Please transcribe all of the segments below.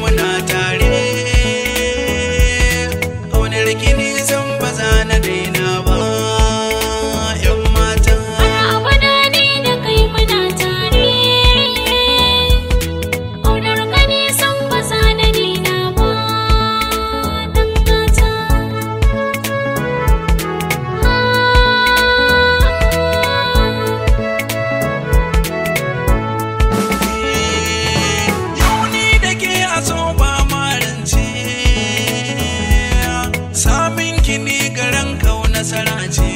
when I saranci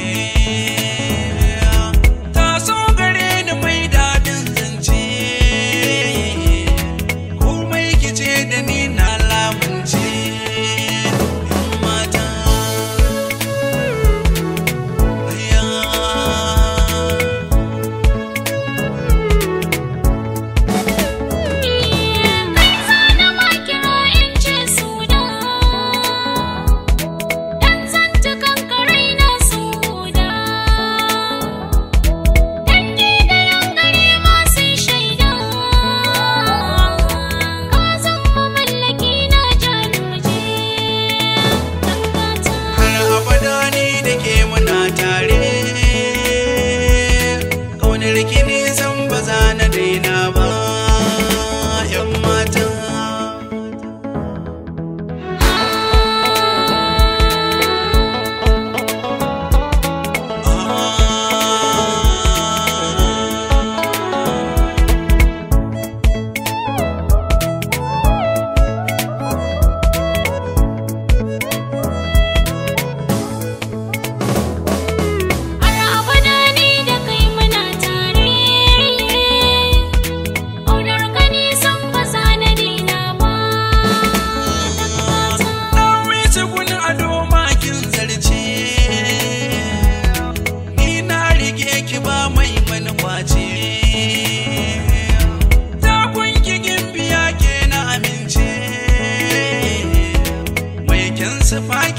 ki ba mai mani kwace ta kunki ke na amince mai kyan sufa